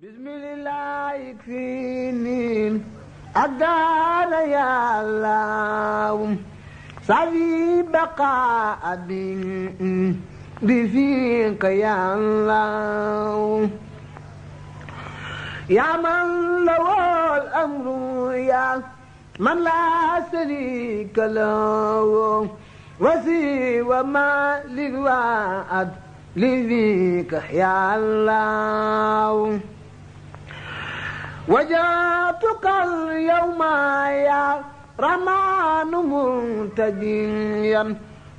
bismillah ikfini adana ya allah safi baqa abin بفيك يا الله يا من له الأمر يا من لا شريك له وسوى ما للوعد لذيك يا الله وجاتك اليوم يا رمان منتجيا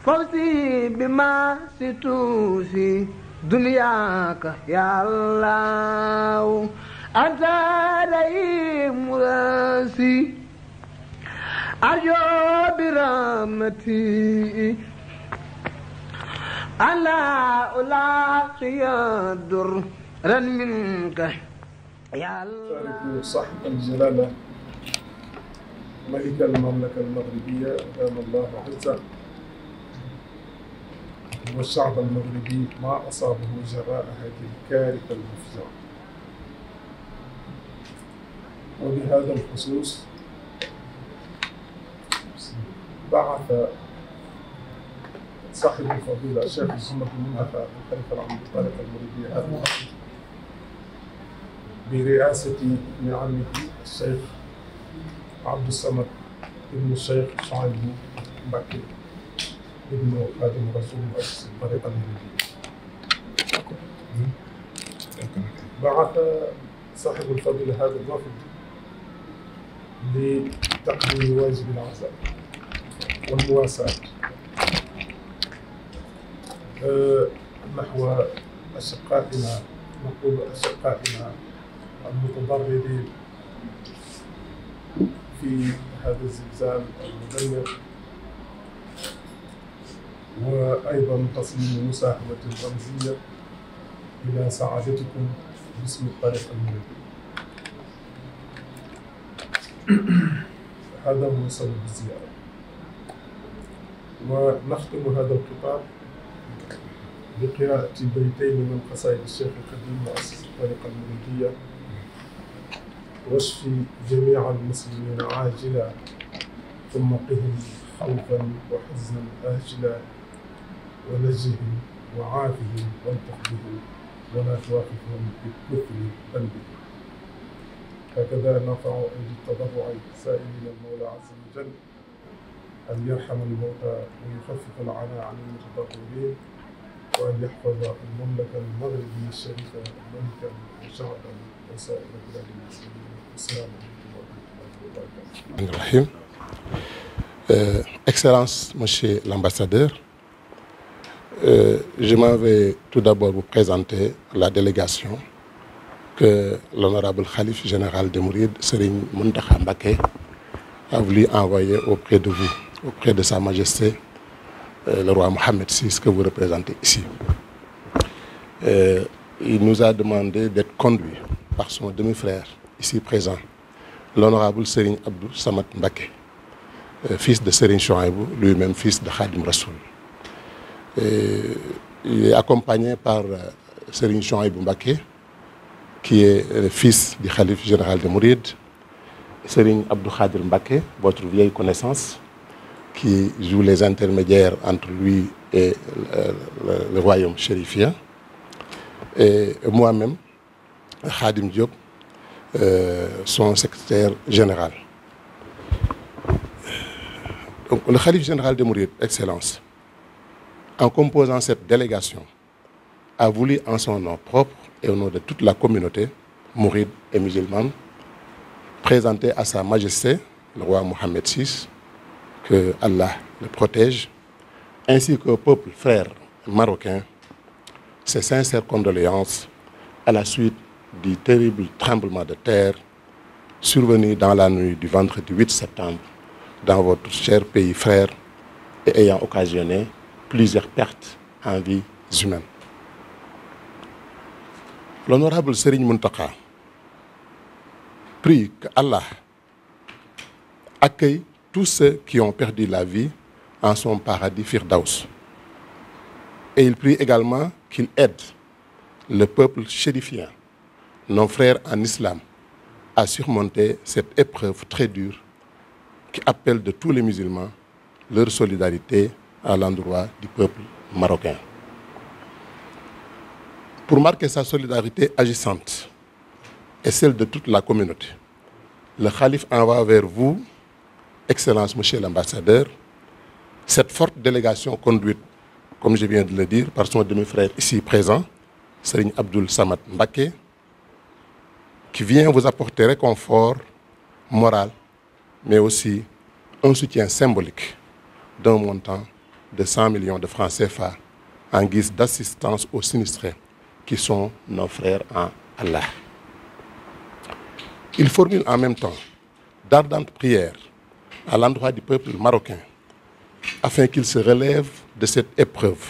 فوزي بما ستوفي دنياك يا الله أنت رئيم راسي أرجو برحمتي ألا ألاقي الدر منك يا الله صح الجلالة ملك المملكة المغربية دام الله عزه والشعب المغربي ما أصابه جراء هذه الكارثة المفزعة وبهذا الخصوص بعث صاحب الفضيلة الشيخ محمد المنعفى الخليفة العام للطريقة المغربية هذا برئاسة معالي الشيخ عبد الصمد ابن الشيخ شعيب مبكي ابن خادم رسول مؤسس الطريقة النبوية. بعث صاحب الفضل هذا الرفد لتقديم واجب العزاء والمواساة نحو أشقائنا مطلوب أشقائنا المتضرر في هذا الزلزال المدمر وأيضا تصميم مساهمة رمزية إلى سعادتكم باسم الطريق المنى هذا هو سبب الزيارة ونختم هذا الخطاب بقراءة بيتين من قصائد الشيخ القديم مؤسس الطريقة المنهجية واشفي جميع المسلمين عاجلا ثم قهم خوفا وحزنا آجلا ونجهم وعافهم والتق بهم ولا توافقهم بالكفر بل بهم هكذا نفع عند التضرع سائلين المولى عز وجل أن يرحم الموتى ويخفف العناء عن المتضررين وأن يحفظ المملكة المغربية الشريفة ملكا وشعبا وسائر بلاد المسلمين السلام عليكم ورحمة الله وبركاته. Euh, Excellence, Monsieur l'Ambassadeur, euh, je m'en vais tout d'abord vous présenter la délégation que l'honorable Khalif général de Mouride, Serigne Mountakha Mbacké, a voulu envoyer auprès de vous, auprès de Sa Majesté Euh, le roi Mohamed VI, ce que vous représentez ici. Euh, il nous a demandé d'être conduit par son demi-frère, ici présent, l'honorable Serigne Abdou Samad Mbake, euh, fils de Serigne Chouaïbou, lui-même fils de Khadim Rassoul. Euh, il est accompagné par euh, Serigne Chouaïbou Mbake, qui est le fils du Khalif général de Mouride, Serigne Abdou Khadir Mbake, votre vieille connaissance. qui joue les intermédiaires entre lui et euh, le, royaume chérifien. Et moi-même, Khadim Diop, euh, son secrétaire général. Donc, le Khalif général de Mouride, Excellence, en composant cette délégation, a voulu en son nom propre et au nom de toute la communauté mouride et musulmane présenter à Sa Majesté, le roi Mohamed VI, que Allah le protège, ainsi qu'au peuple frère marocain, ses sincères condoléances à la suite du terrible tremblement de terre survenu dans la nuit du vendredi 8 septembre dans votre cher pays frère et ayant occasionné plusieurs pertes en vies humaines. L'honorable Serigne Muntaka prie que accueille tous ceux qui ont perdu la vie en son paradis Firdaus. Et il prie également qu'il aide le peuple chérifien, nos frères en islam, à surmonter cette épreuve très dure qui appelle de tous les musulmans leur solidarité à l'endroit du peuple marocain. Pour marquer sa solidarité agissante et celle de toute la communauté, le calife envoie vers vous Excellence, Monsieur l'Ambassadeur, cette forte délégation conduite, comme je viens de le dire, par son demi-frère ici présent, Serigne Abdul Samad Mbake, qui vient vous apporter réconfort moral, mais aussi un soutien symbolique d'un montant de 100 millions de français CFA en guise d'assistance au sinistrés qui sont nos frères en Allah. Il formule en même temps d'ardentes prières à l'endroit du peuple marocain, afin qu'il se relève de cette épreuve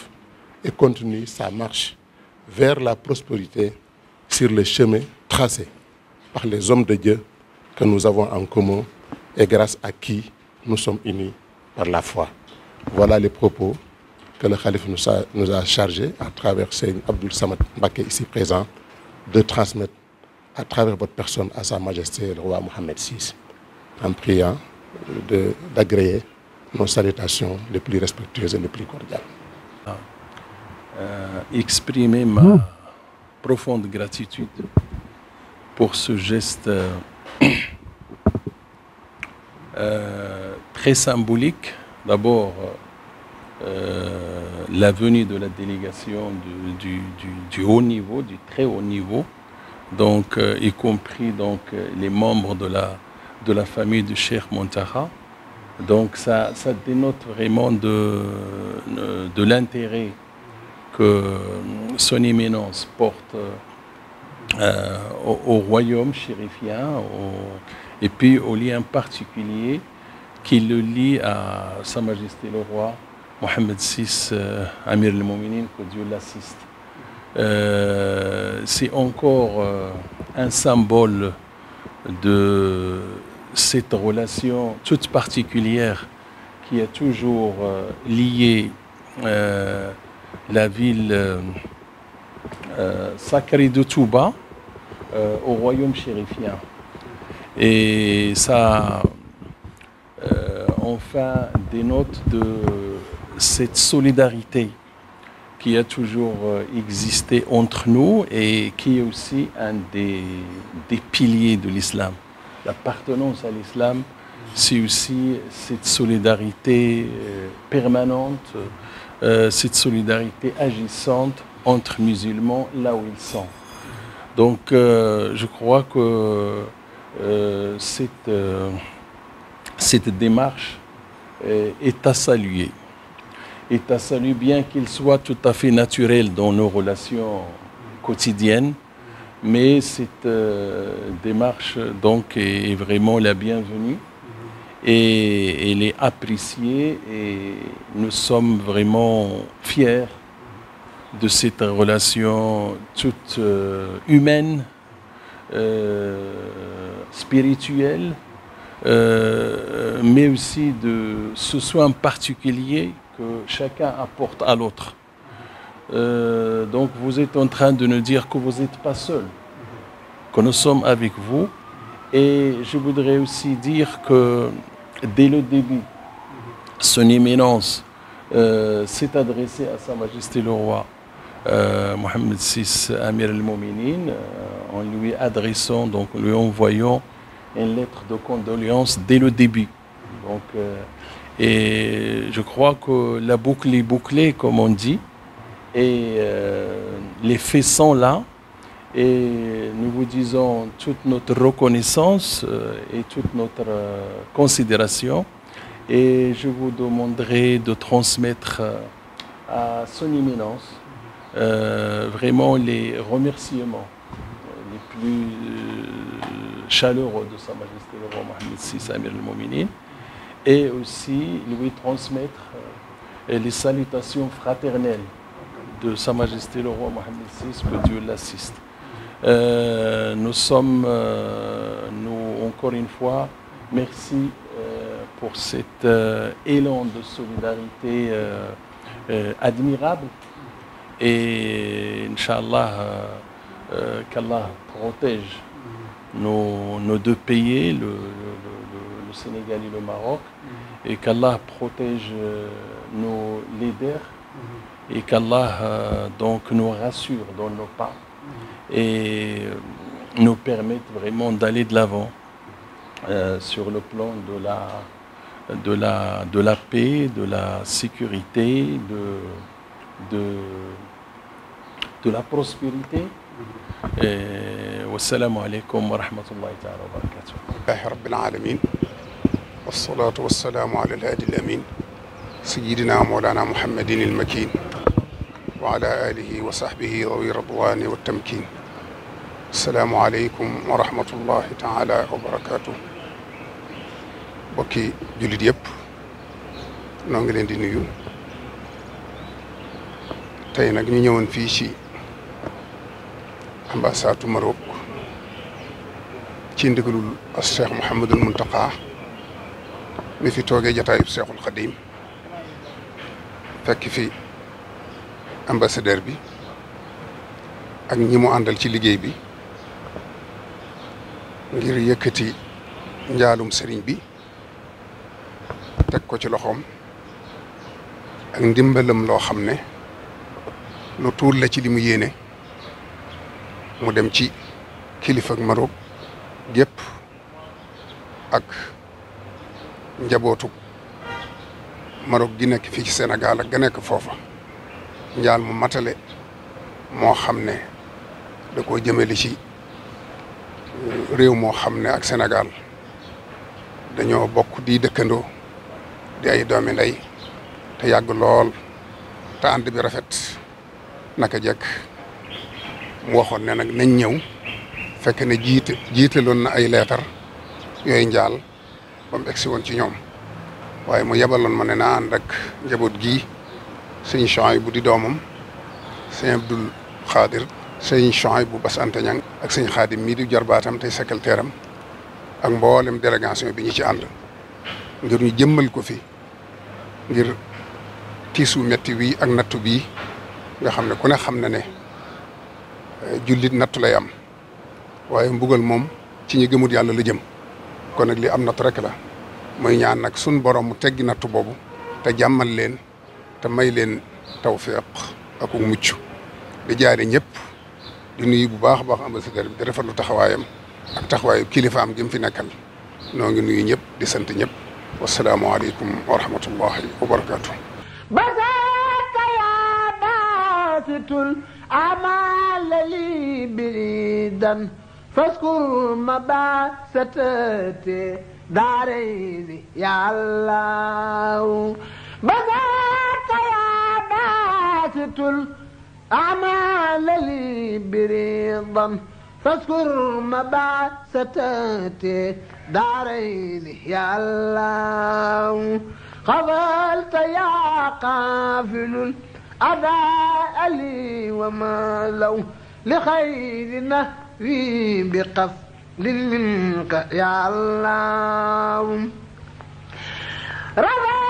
et continue sa marche vers la prospérité sur le chemin tracé par les hommes de Dieu que nous avons en commun et grâce à qui nous sommes unis par la foi. Voilà les propos que le calife nous a, chargés à travers Seigne Abdoul Samad Mbaké ici présent de transmettre à travers votre personne à Sa Majesté le roi Mohamed VI en priant d'agréer nos salutations les plus respectueuses et les plus cordiales. Ah. exprimer ma hmm. profonde gratitude pour ce geste euh, euh, très symbolique. D'abord, euh, la venue de la délégation du, haut niveau, du très haut niveau, donc euh, y compris donc les membres de la de la famille du Cheikh Montara. Donc ça, ça dénote vraiment de, euh, de l'intérêt que euh, son éminence porte euh, au, au, royaume chérifien au, et puis au lien particulier qui le lie à Sa Majesté le Roi Mohamed VI, euh, Amir al-Mouminin, que Dieu l'assiste. Euh, C'est encore euh, un symbole de cette relation toute particulière qui a toujours euh, lié euh, la ville euh, euh, sacrée de Touba euh, au royaume chérifien. Et ça, enfin, dénote de cette solidarité qui a toujours existé entre nous et qui est aussi un des, des piliers de l'islam. l'appartenance à l'islam, c'est aussi cette solidarité euh, permanente, euh, cette solidarité agissante entre musulmans là où ils sont. Donc euh, je crois que cette, cette démarche est à saluer. Est à saluer bien qu'il soit tout à fait naturel dans nos relations quotidiennes, mais cette euh, démarche donc est, est, vraiment la bienvenue et elle est appréciée et nous sommes vraiment fiers de cette relation toute euh, humaine, euh, spirituelle, euh, mais aussi de ce soin particulier que chacun apporte à l'autre. Euh, donc vous êtes en train de nous dire que vous n'êtes pas seul. que nous sommes avec vous. Et je voudrais aussi dire que dès le début, son éminence euh, s'est adressée à Sa Majesté le Roi euh, Mohamed VI Amir al-Mouminin euh, en lui adressant, donc en lui envoyant une lettre de condoléances dès le début. Donc, euh, et je crois que la boucle est bouclée, comme on dit, et euh, les faits sont là. Et nous vous disons toute notre reconnaissance euh, et toute notre euh, considération. Et je vous demanderai de transmettre euh, à son éminence euh, vraiment les remerciements les plus chaleureux de Sa Majesté le roi Mohamed VI Amir al-Mouminin et aussi lui transmettre les salutations fraternelles de Sa Majesté le roi Mohamed VI, que Dieu l'assiste. Euh, nous sommes, euh, nous, encore une fois, merci euh, pour cet élan de solidarité admirable. Et Inch'Allah, qu'Allah protège nos, nos, deux pays, le, le, le, le, Sénégal et le Maroc, mm -hmm. et qu'Allah protège nos leaders, mm -hmm. et qu'Allah euh, donc nous rassure dans nos pas. et nous permettent vraiment d'aller de l'avant euh, sur le plan de la, de la, de la paix, de la sécurité, de, de, de la prospérité. والسلام عليكم ورحمة الله تعالى وبركاته الله رب العالمين والصلاة والسلام على الهادي الأمين سيدنا مولانا محمد المكين wa ala alihi wa sahbihi rawi radwani wa aleykum wa taala wa bokki jullit yëpp noo ngi leen di nuyu tey nag ñu ñëwoon fii ci ambassadu Maroc ci ndigalul Cheikh Mouhamadul Mountakha mi fi toogee jataayub Cheikhul Khadim fekk fi ambassadeur bi ak ñi mu àndal ci liggéey bi ngir yëkkati njaalum sëriñ bi teg ko ci loxoom ak ndimbalam loo xam ne lu tuur la ci limu yéene mu dem ci kilifa ak Maroc gépp ak njabootu Maroc gi nekk fii ci Sénégal ak ga nekk foofa njaal mu matale moo xam ne da koo jëmale ci euh, réew moo xam ne ak Sénégal dañoo bokk di dëkkandoo di ay doomi ndey te yàgg lool te ànd bi rafet naka jekk mu waxoon ne nag nañ ñëw fekk ne jiite jiitaloon na ay leetar yooyu njaal ba mu egsi woon ci ñoom waaye mu yebaloon ma ne naa ànd ak njaboot gi sëñ Chouaï bu di doomam sëñ Abdul Xaadir sëñ Chouaï bu Bas Anta ak sëñ Xaadim mii di jarbaatam tey secrétaire am ak mboolem délégation bi ñu ci ànd ngir ñu jëmmal ko fi ngir tiisu metti wi ak nattu bii nga xam ne ku ne xam ne ne eh, jullit nattu lay am waaye mbugal moom ci ñu gëmut yàlla la jëm kon nag li am nattu rek la muy ñaan ak sun borom mu teggi nattu boobu te jàmmal leen te may leen tawféex ak mucc di jaare ñëpp di nuyu bu baax baax ambassadeur bi di rafetlu taxawaayam ak taxawaayu kilifaam gi mu fi nekkal noo ngi di sant ñëpp wasalaamualeykum wa rahmatullahi wa barakaatu. basaka yaa baasitul amaala li faskur ma baasatati daarayni yaa allah باسط الأعمال لي بريضا فاذكر مبعثتي دارين يا الله قبلت يا قافل الأذى لي وما لو لخير نهري بقفل منك يا الله